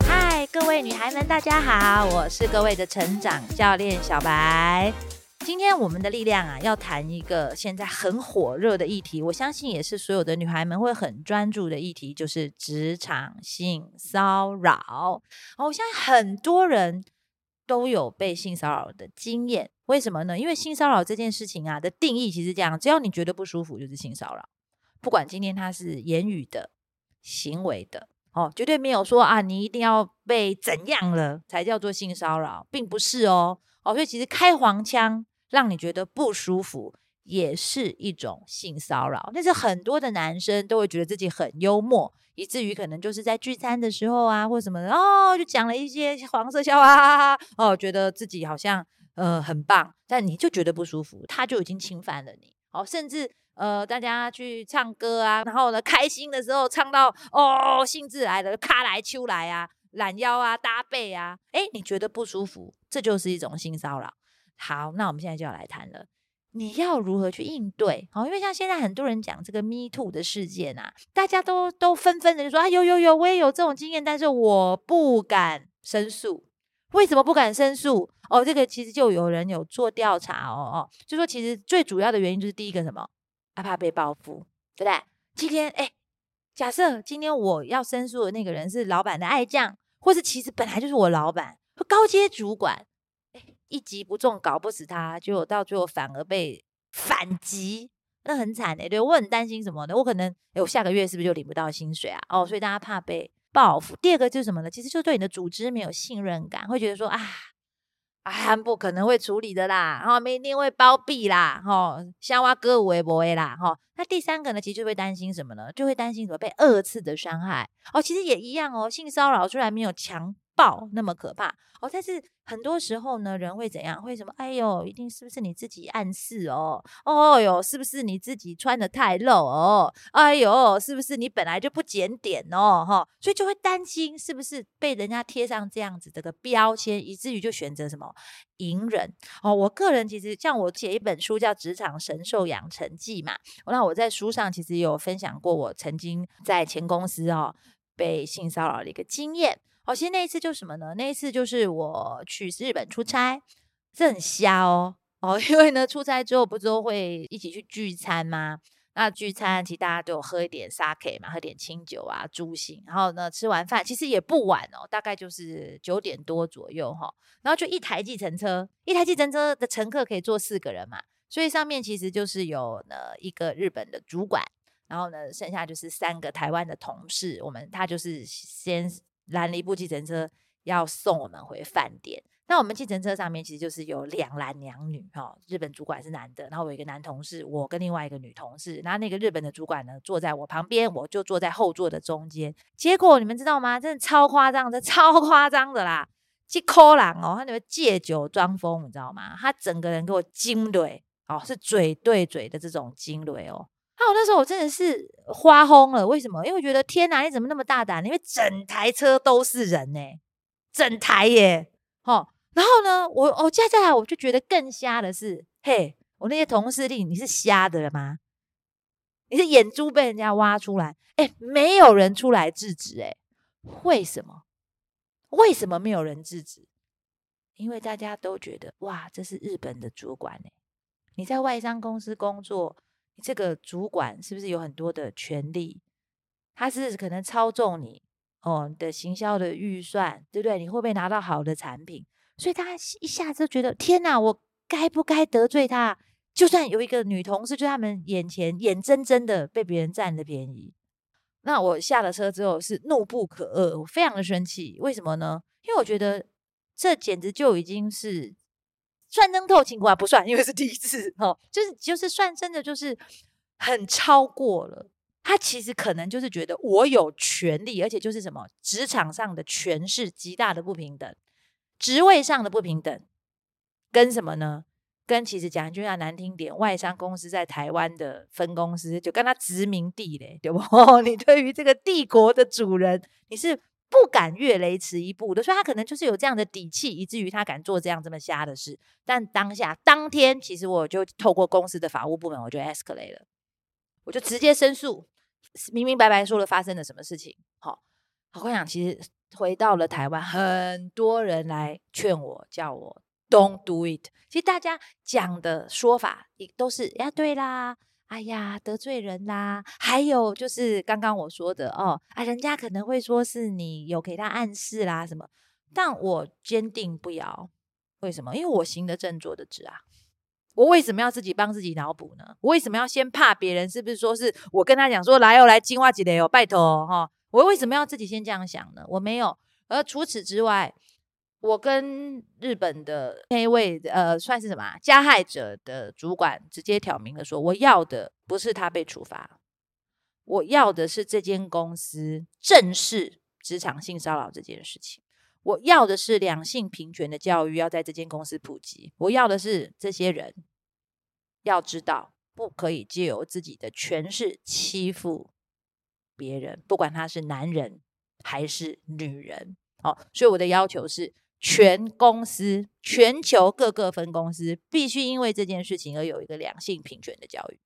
嗨，Hi, 各位女孩們，大家好，我是各位的成長教練小白。今天我們的力量啊，要談一個現在很火熱的議題，我相信也是所有的女孩們會很專注的議題，就是職場性騷擾。我相信很多人。都有被性騷擾的經驗，為什麼呢？因為性騷擾這件事情啊的定義其實這樣，只要你覺得不舒服就是性騷擾，不管今天他是言語的、行為的，哦，絕對沒有說啊，你一定要被怎樣了才叫做性騷擾，並不是哦，哦，所以其實開黃腔讓你覺得不舒服也是一種性騷擾，但是很多的男生都會覺得自己很幽默。以至於可能就是在聚餐的時候啊，或什麼的哦，就講了一些黃色笑話，哈哈哈，哦，覺得自己好像呃很棒，但你就覺得不舒服，他就已經侵犯了你，哦，甚至呃大家去唱歌啊，然後呢開心的時候唱到哦興致來了，咔來秋來啊，懶腰啊，搭背啊，誒，你覺得不舒服，這就是一種性騷擾。好，那我們現在就要來談了。你要如何去應對？好、哦，因為像現在很多人講這個 Me Too 的事件吶、啊，大家都都紛紛的就說啊，有有有，我也有這種經驗，但是我不敢申訴。為什麼不敢申訴？哦，這個其實就有人有做調查哦哦，就說其實最主要的原因就是第一個什麼，阿、啊、怕被報復，對不對？今天哎、欸，假設今天我要申訴的那個人是老闆的愛將，或是其實本來就是我老闆，高階主管。一擊不中，搞不死他，結果到最後反而被反擊，那很慘哎、欸！對我很擔心什麼呢？我可能哎，我下個月是不是就領不到薪水啊？哦，所以大家怕被報復。第二個就是什麼呢？其實就對你的組織沒有信任感，會覺得說啊，哎、啊，不可能會處理的啦，然後明天會包庇啦，吼、哦，像挖歌舞微不會啦，吼、哦。那第三個呢，其實就會擔心什麼呢？就會擔心什麼被二次的傷害哦。其實也一樣哦，性騷擾雖然沒有強。爆那麼可怕哦，但是很多時候呢，人會怎樣？會什麼？哎呦，一定是不是你自己暗示哦？哦喲，是不是你自己穿得太露哦？哎呦，是不是你本來就不檢點哦？哈、哦，所以就會擔心是不是被人家貼上這樣子的個標籤，以至於就選擇什麼隱忍哦。我個人其實像我寫一本書叫《職場神獸養成記》嘛，那我在書上其實有分享過，我曾經在前公司哦。被性騷擾的一個經驗好、哦，其實那一次就是什麼呢？那一次就是我去日本出差，這很瞎哦哦，因為呢，出差之後不是都會一起去聚餐嗎？那聚餐其實大家都有喝一點沙克嘛，喝點清酒啊助興。然後呢，吃完飯其實也不晚哦，大概就是九點多左右哈、哦。然後就一台計程車，一台計程車的乘客可以坐四個人嘛，所以上面其實就是有呢一個日本的主管，然後呢，剩下就是三個台灣的同事。我們他就是先攔了一部計程車要送我們回飯店。那我們計程車上面其實就是有兩男兩女哈、哦。日本主管是男的，然後我有一個男同事，我跟另外一個女同事。然後那個日本的主管呢，坐在我旁邊，我就坐在後座的中間。結果你們知道嗎？真的超誇張的，超誇張的啦！去摳狼哦，他那麼借酒裝瘋？你知道嗎？他整個人給我親嘴哦，是嘴對嘴的這種親嘴哦。還有、啊、那時候，我真的是花轟了。為什麼？因為我覺得天哪、啊，你怎麼那麼大膽？因為整台車都是人呢、欸，整台耶！哦，然後呢，我我接下來我就覺得更瞎的是，嘿，我那些同事令你是瞎的了嗎？你是眼珠被人家挖出來？哎、欸，沒有人出來制止、欸，哎，為什麼？為什麼沒有人制止？因為大家都覺得哇，這是日本的主管呢、欸，你在外商公司工作。這個主管是不是有很多的權力？他是不是可能操縱你哦，你的行銷的預算，對不對？你會不會拿到好的產品？所以他一下子就覺得天哪，我該不該得罪他？就算有一個女同事在他們眼前眼睜睜的被別人占的便宜。那我下了車之後是怒不可遏，我非常的生氣。為什麼呢？因為我覺得這簡直就已經是。算弄透情況、啊、不算，因為是第一次哦，就是就是算真的就是很超過了。他其實可能就是覺得我有權利，而且就是什麼職場上的權勢極大的不平等，職位上的不平等，跟什麼呢？跟其實講句話難聽點，外商公司在台灣的分公司就跟他殖民地嘞，對不？你對於這個帝國的主人，你是？不敢越雷池一步的，所以他可能就是有這樣的底氣，以至於他敢做這樣這麼瞎的事。但當下當天，其實我就透過公司的法務部門，我就 escalate 了，我就直接申訴，明明白白說了發生了什麼事情。好、哦，我想其實回到了台灣，很多人來勸我，叫我 don't do it。其實大家講的說法也都是，哎、呀，對啦。哎呀，得罪人啦！還有就是剛剛我說的哦，啊，人家可能會說是你有給他暗示啦什麼，但我堅定不搖。為什麼？因為我行得正坐得直啊！我為什麼要自己幫自己腦補呢？我為什麼要先怕別人？是不是說是我跟他講說來哦，來親我一下哦，拜托哦。我為什麼要自己先這樣想呢？我沒有。而除此之外。我跟日本的那位呃，算是什麼、啊、加害者的主管，直接挑明了說，我要的不是他被處罰，我要的是這間公司正視職場性騷擾這件事情，我要的是兩性平權的教育要在這間公司普及，我要的是這些人要知道不可以借由自己的權勢欺負別人，不管他是男人還是女人。哦，所以我的要求是，全公司，全球各個分公司必須因為這件事情而有一個兩性平權的教育。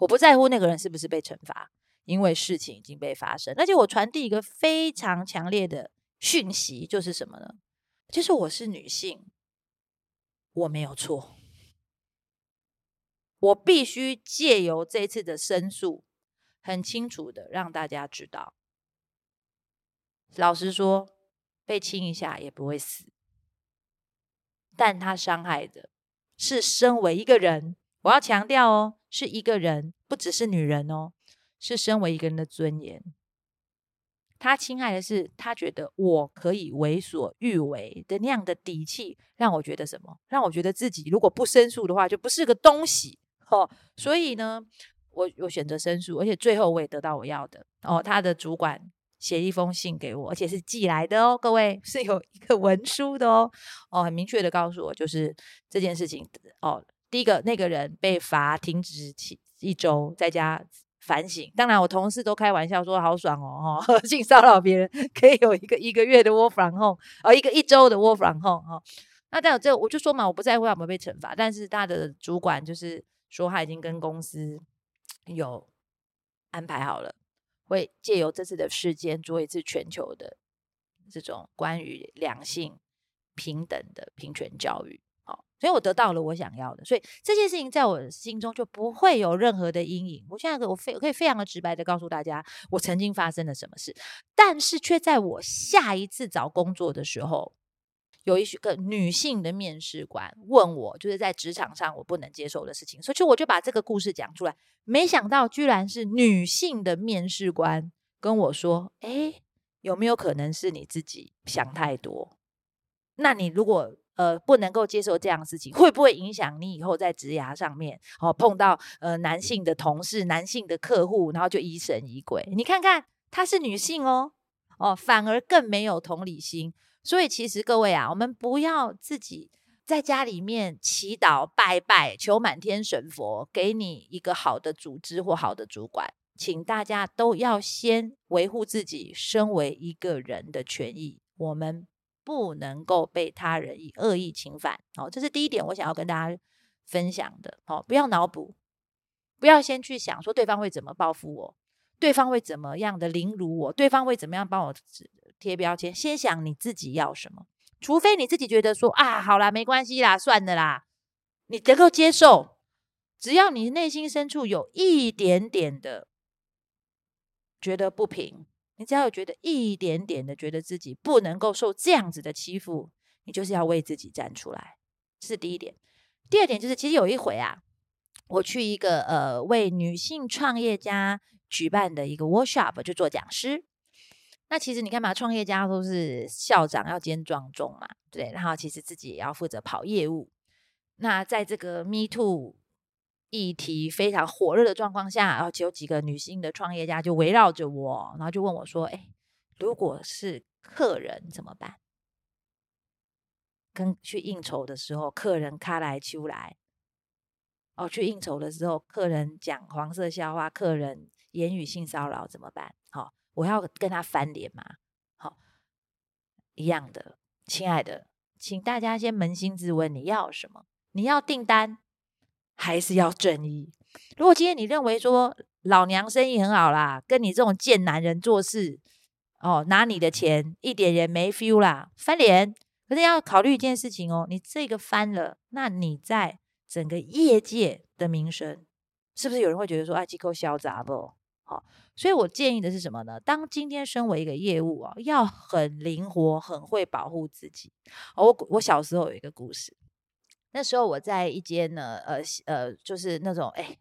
我不在乎那個人是不是被懲罰，因為事情已經被發生。而且我傳遞一個非常強烈的訊息，就是什麼呢？就是我是女性，我沒有錯。我必須借由這次的申訴，很清楚的讓大家知道。老實說。被親一下也不會死，但他傷害的是身為一個人，我要強調哦，是一個人，不只是女人哦，是身為一個人的尊嚴。他侵害的是他覺得我可以為所欲為的那樣的底氣，讓我覺得什麼？讓我覺得自己如果不申訴的話，就不是個東西哦。所以呢，我我選擇申訴，而且最後我也得到我要的哦。他的主管。寫一封信給我，而且是寄來的哦。各位，是有一個文書的哦，哦，很明確的告訴我，就是這件事情哦。第一個那個人被罰停職一週在家反省。當然，我同事都開玩笑說好爽哦，哈，性騷擾別人可以有一個一個月的 work from home、哦、一個一週的 work from home 哈、哦。那當然，這我就說嘛，我不在乎有沒有被懲罰，但是他的主管就是說他已經跟公司有安排好了。會借由這次的事件做一次全球的這種關於兩性平等的平權教育，好，所以我得到了我想要的，所以這件事情在我的心中就不會有任何的陰影。我現在我非可以非常的直白的告訴大家，我曾經發生了什麼事，但是卻在我下一次找工作的時候。有一些個女性的面試官問我，就是在職場上我不能接受的事情，所以我就把這個故事講出來。沒想到居然是女性的面試官跟我說：“哎、欸，有沒有可能是你自己想太多？那你如果呃不能夠接受這樣的事情，會不會影響你以後在職涯上面哦碰到呃男性的同事、男性的客戶，然後就疑神疑鬼？你看看，她是女性哦，哦反而更沒有同理心。”所以，其實各位啊，我們不要自己在家裡面祈禱拜拜，求滿天神佛給你一個好的組織或好的主管。請大家都要先維護自己身為一個人的權益，我們不能夠被他人以惡意侵犯。哦，這是第一點，我想要跟大家分享的。哦，不要腦補，不要先去想說對方會怎麼報復我，對方會怎麼樣的凌辱我，對方會怎麼樣幫我。貼標籤，先想你自己要什麼。除非你自己覺得說啊，好啦，沒關係啦，算了啦，你能夠接受。只要你內心深處有一點點的覺得不平，你只要有覺得一點點的覺得自己不能夠受這樣子的欺負，你就是要為自己站出來。這是第一點。第二點就是，其實有一回啊，我去一個呃為女性創業家舉辦的一個 workshop，就做講師。那其實你幹嘛？創業家都是校長要兼撞鐘嘛，對。然後其實自己也要負責跑業務。那在這個 Me Too 議題非常火熱的狀況下，然後就有幾個女性的創業家就圍繞着我，然後就問我說：“哎，如果是客人怎麼辦？跟去應酬的時候，客人卡來秋來，哦，去應酬的時候，客人講黃色笑話，客人言語性騷擾怎麼辦？”我要跟他翻臉嗎？好、哦，一樣的，親愛的，請大家先捫心自問，你要什麼？你要訂單，還是要正義？如果今天你認為說老娘生意很好啦，跟你這種賤男人做事，哦，拿你的錢一點也沒 feel 啦，翻臉，可是要考慮一件事情哦，你這個翻了，那你在整個業界的名聲，是不是有人會覺得說啊，機構囂張不？所以，我建議的是什麼呢？當今天身為一個業務啊，要很靈活，很會保護自己。哦，我我小時候有一個故事，那時候我在一間呢，呃呃，就是那種哎。欸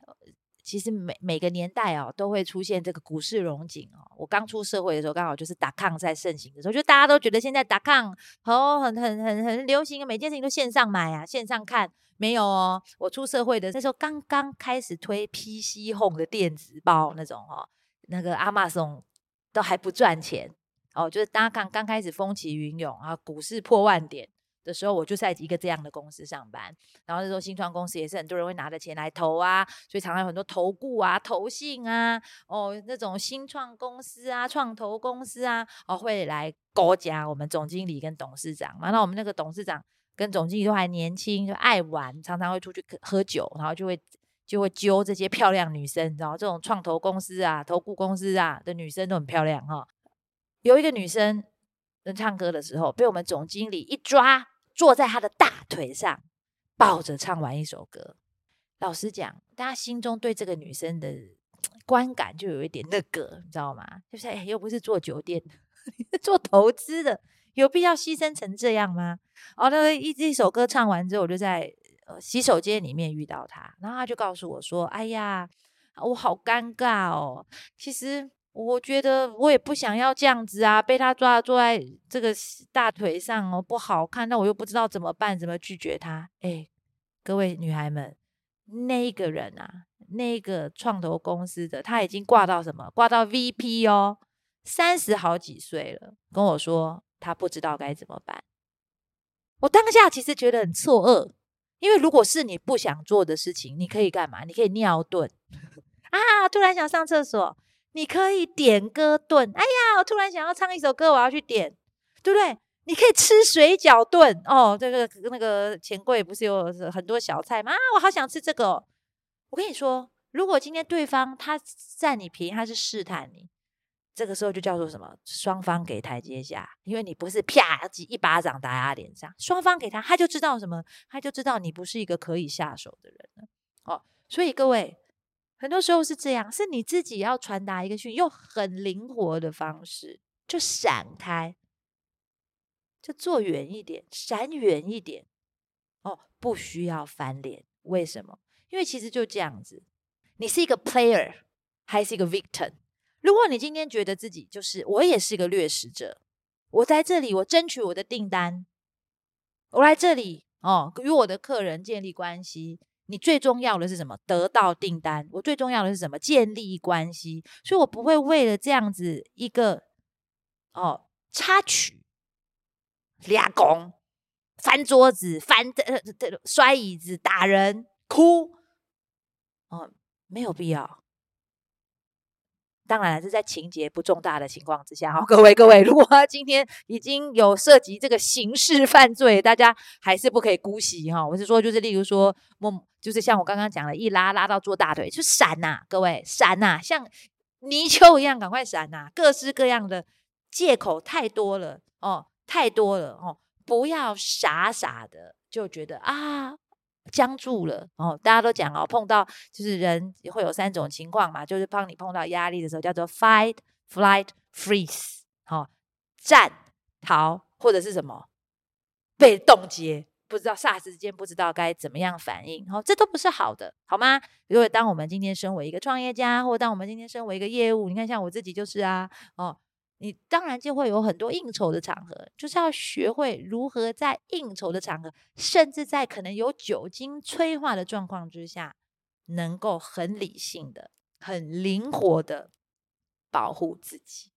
其實每每個年代哦，都會出現這個股市熔景哦。我剛出社會的時候，剛好就是打抗在盛行的時候，就大家都覺得現在打抗哦很很很很流行，每件事情都線上買啊，線上看沒有哦。我出社會的那時候剛剛開始推 PC Home 的電子包，那種哦，那個阿 o n 都還不賺錢哦，就是打看，剛開始風起雲湧啊，股市破萬點。的時候，我就在一個這樣的公司上班，然後那時候新創公司也是很多人會拿着錢來投啊，所以常常有很多投顧啊、投信啊、哦那種新創公司啊、創投公司啊，哦會來勾搭我們總經理跟董事長嘛。那我們那個董事長跟總經理都還年輕，就愛玩，常常會出去喝酒，然後就會就會揪這些漂亮女生。然後這種創投公司啊、投顧公司啊的女生都很漂亮哈，哦。有一個女生在唱歌的時候，被我們總經理一抓。坐在他的大腿上，抱着唱完一首歌。老實講，大家心中對這個女生的觀感就有一點那個，你知道嗎？就是又不是做酒店的，做投資的，有必要犧牲成這樣嗎？哦，那這一首歌唱完之後，我就在洗手間裡面遇到他，然後他就告訴我說：“哎呀，我好尷尬哦。”其實。我覺得我也不想要這樣子啊，被他抓坐在這個大腿上哦，不好看。那我又不知道怎麼辦，怎麼拒絕他？哎，各位女孩們，那一個人啊，那一個創投公司的，他已經掛到什麼？掛到 VP 哦，三十好幾歲了，跟我說他不知道該怎麼辦。我當下其實覺得很錯愕，因為如果是你不想做的事情，你可以幹嘛？你可以尿遁 啊！突然想上廁所。你可以點歌燉，哎呀，我突然想要唱一首歌，我要去點，對不對？你可以吃水餃燉哦，這個那個錢櫃不是有很多小菜嗎？啊、我好想吃這個、哦。我跟你說，如果今天對方他占你便宜，他是試探你，這個時候就叫做什麼？雙方給台階下，因為你不是啪一巴掌打他臉上，雙方給他，他就知道什麼？他就知道你不是一個可以下手的人了哦，所以各位。很多時候是這樣，是你自己要傳達一個訊息，用很靈活的方式，就閃開，就坐遠一點，閃遠一點。哦，不需要翻臉，為什麼？因為其實就這樣子，你是一個 player，還是一個 victim？如果你今天覺得自己就是，我也是一個掠食者，我在這裡，我爭取我的訂單，我來這裡，哦，與我的客人建立關係。你最重要的是什麼？得到訂單。我最重要的是什麼？建立關係。所以，我不會為了這樣子一個哦插曲，抓狂翻桌子、翻、呃呃、摔椅子、打人、哭，哦，沒有必要。當然是在情節不重大的情況之下，哈、哦，各位各位，如果他今天已經有涉及這個刑事犯罪，大家還是不可以姑息，哈、哦。我是說，就是例如說我，就是像我剛剛講的，一拉拉到坐大腿就閃吶、啊，各位閃吶、啊，像泥鰍一樣趕快閃吶、啊，各式各樣的借口太多了哦，太多了哦，不要傻傻的就覺得啊。僵住了哦，大家都講哦，碰到就是人會有三種情況嘛，就是當你碰到壓力的時候，叫做 fight, flight, freeze 哈、哦，戰逃或者是什麼被凍結，不知道霎時間不知道該怎麼樣反應，哦，這都不是好的，好嗎？如果當我們今天身為一個創業家，或當我們今天身為一個業務，你看像我自己就是啊，哦。你當然就會有很多應酬的場合，就是要學會如何在應酬的場合，甚至在可能有酒精催化的狀況之下，能夠很理性的、很靈活的保護自己，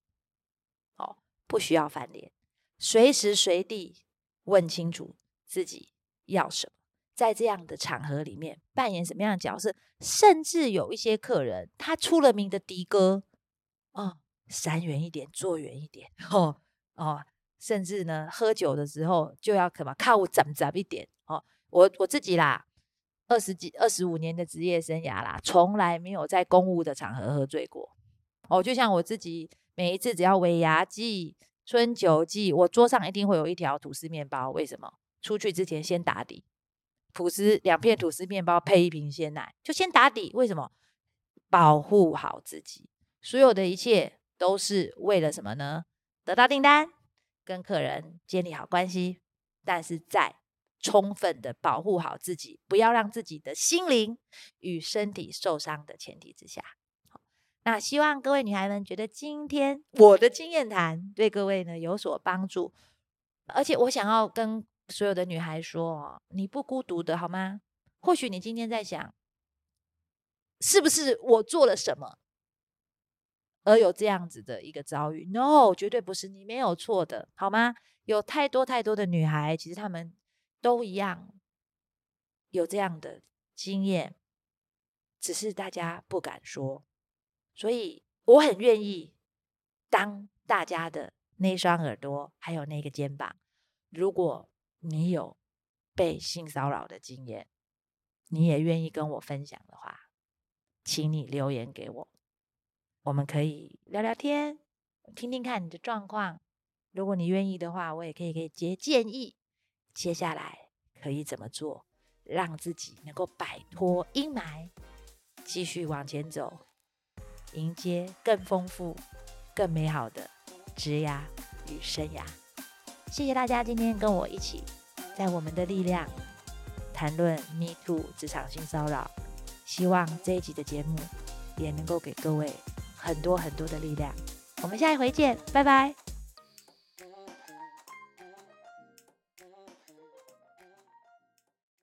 哦，不需要翻臉，隨時隨地問清楚自己要什麼，在這樣的場合裡面扮演什麼樣的角色，甚至有一些客人，他出了名的的哥，啊、哦。閃遠一點，坐遠一點，哦，甚至呢，喝酒的時候就要什麼靠穩穩一點哦。我我自己啦，二十幾、二十五年的職業生涯啦，從來沒有在公務的場合喝醉過。哦，就像我自己每一次，只要尾牙季、春酒季，我桌上一定會有一條吐司麵包。為什麼？出去之前先打底，吐司兩片吐司麵包配一瓶鮮奶，就先打底。為什麼？保護好自己，所有的一切。都是為了什麼呢？得到訂單，跟客人建立好關係，但是在充分的保護好自己，不要讓自己的心靈與身體受傷的前提之下。好，那希望各位女孩們覺得今天我的經驗談對各位呢有所幫助。而且我想要跟所有的女孩說，你不孤獨的好嗎？或許你今天在想，是不是我做了什麼？而有這樣子的一個遭遇，No，絕對不是你沒有錯的，好嗎？有太多太多的女孩，其實她們都一樣有這樣的經驗，只是大家不敢說。所以我很願意當大家的那雙耳朵，還有那個肩膀。如果你有被性騷擾的經驗，你也願意跟我分享的話，請你留言給我。我們可以聊聊天，聽聽看你的狀況。如果你願意的話，我也可以給一些建議。接下來可以怎麼做，讓自己能夠擺脫陰霾，繼續往前走，迎接更豐富、更美好的職涯與生涯。謝謝大家今天跟我一起，在我們的力量談論 Me Too 職場性騷擾。希望這一集的節目也能夠給各位，很多很多的力量，我們下一回見，拜拜。